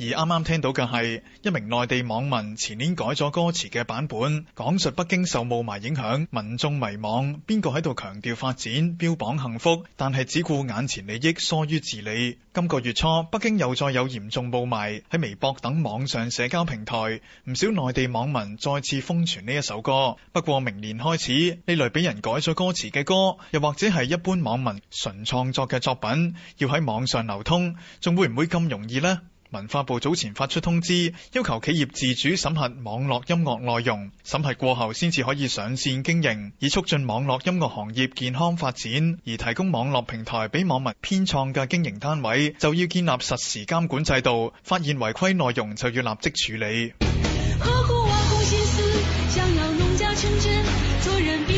而啱啱聽到嘅係一名內地網民前年改咗歌詞嘅版本，講述北京受霧霾影響，民眾迷惘。邊個喺度強調發展、標榜幸福，但係只顧眼前利益，疏於治理。今個月初，北京又再有嚴重霧霾，喺微博等網上社交平台，唔少內地網民再次瘋傳呢一首歌。不過，明年開始呢類俾人改咗歌詞嘅歌，又或者係一般網民純創作嘅作品，要喺網上流通，仲會唔會咁容易呢？文化部早前發出通知，要求企業自主審核網絡音樂內容，審核過後先至可以上線經營，以促進網絡音樂行業健康發展。而提供網絡平台俾網民編創嘅經營單位，就要建立實時監管制度，發現違規內容就要立即處理。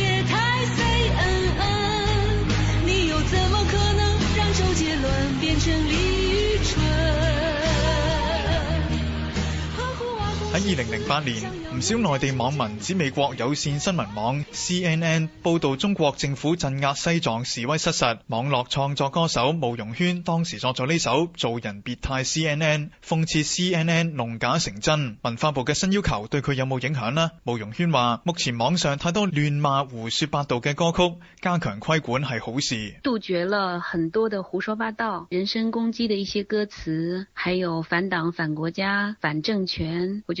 喺二零零八年，唔少內地網民指美國有線新聞網 C N N 報道中國政府鎮壓西藏示威失實。網絡創作歌手慕容軒當時作咗呢首《做人別太 C N N》，諷刺 C N N 弄假成真。文化部嘅新要求對佢有冇影響呢？慕容軒話：目前網上太多亂罵、胡說八道嘅歌曲，加強規管係好事。杜絕了很多的胡說八道、人身攻擊的一些歌詞，還有反黨、反國家、反政權，我就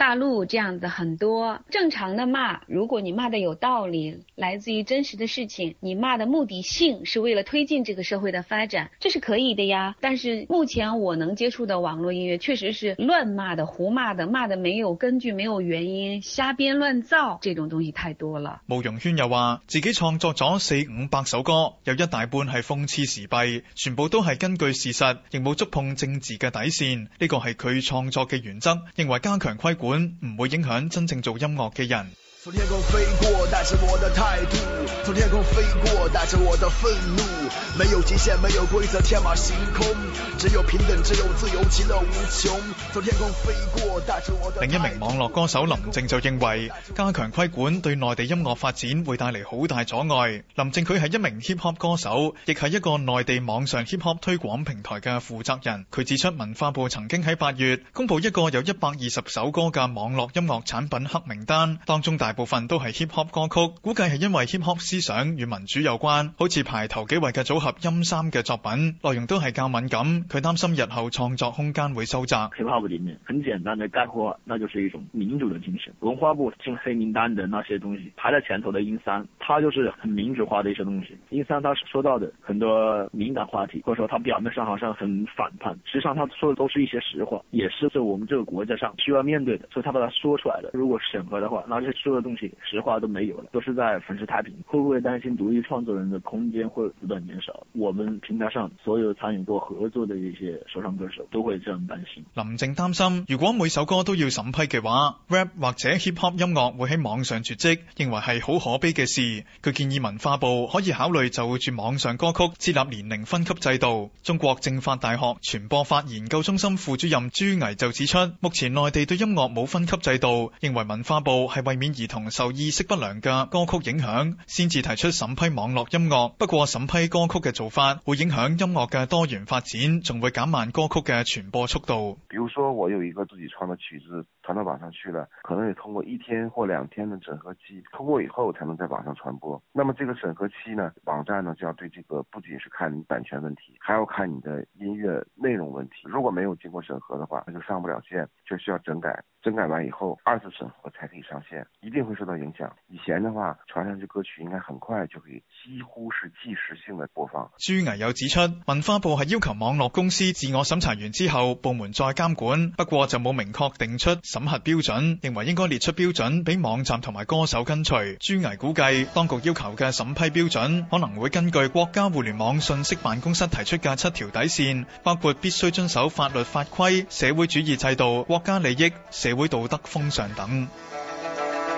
大陸這樣子很多正常的罵，如果你罵的有道理，來自於真實的事情，你罵的目的性是為了推進這個社會的發展，這是可以的呀。但是目前我能接觸的網絡音樂，確實是亂罵的、胡罵的，罵的沒有根據、沒有原因、瞎編亂造這種東西太多了。慕容軒又話，自己創作咗四五百首歌，有一大半係諷刺時弊，全部都係根據事實，亦冇觸碰政治嘅底線，呢個係佢創作嘅原則，認為加強規管。本唔會影響真正做音樂嘅人。另一名網絡歌手林靜就認為，加強規管對內地音樂發展會帶嚟好大阻礙。林靜佢係一名 hip hop 歌手，亦係一個內地網上 hip hop 推廣平台嘅負責人。佢指出，文化部曾經喺八月公布一個有一百二十首歌嘅網絡音樂產品黑名單，當中大大部分都係 hip hop 歌曲，估計係因為 hip hop 思想與民主有關。好似排頭幾位嘅組合陰三嘅作品，內容都係較敏感。佢擔心日後創作空間會收窄。hip hop 裡面很簡單的概括，那就是一種民主的精神。文化部進黑名單的那些東西，排在前頭的陰三，他就是很民主化的一些東西。陰三他說到的很多敏感話題，或者說他表面上好像很反叛，實際上他說的都是一些實話，也是在我們這個國家上需要面對的，所以佢把他說出來了。如果審核的話，那就是說。東西實話都沒有了，都是在粉飾太平。會不會擔心獨立創作人的空間會不斷減少？我們平台上所有參與過合作的一些說唱歌手都會這樣擔心。林靜擔心，如果每首歌都要審批嘅話，rap 或者 hip-hop 音樂會喺網上絕迹，認為係好可悲嘅事。佢建議文化部可以考慮就住網上歌曲設立年齡分級制度。中國政法大學傳播法研究中心副主任朱巍就指出，目前內地對音樂冇分級制度，認為文化部係為免而。同受意識不良嘅歌曲影響，先至提出審批網絡音樂。不過審批歌曲嘅做法，會影響音樂嘅多元發展，仲會減慢歌曲嘅傳播速度。比如說我有一個自己創的曲子，傳到網上去了，可能要通過一天或兩天的審核期，通過以後才能在網上傳播。那麼這個審核期呢，網站呢就要對這個不僅是看版權問題，還要看你的音樂內容問題。如果沒有經過審核的話，那就上不了線，就需要整改。整改完以後，二次審核才可以上線。一定。會受到影響。以前的話，傳上去歌曲應該很快就可以，幾乎是即時性的播放。朱巍又指出，文化部係要求網絡公司自我審查完之後，部門再監管。不過就冇明確定出審核標準，認為應該列出標準俾網站同埋歌手跟隨。朱巍估計，當局要求嘅審批標準可能會根據國家互聯網信息辦公室提出嘅七條底線，包括必須遵守法律法規、社會主義制度、國家利益、社會道德風尚等。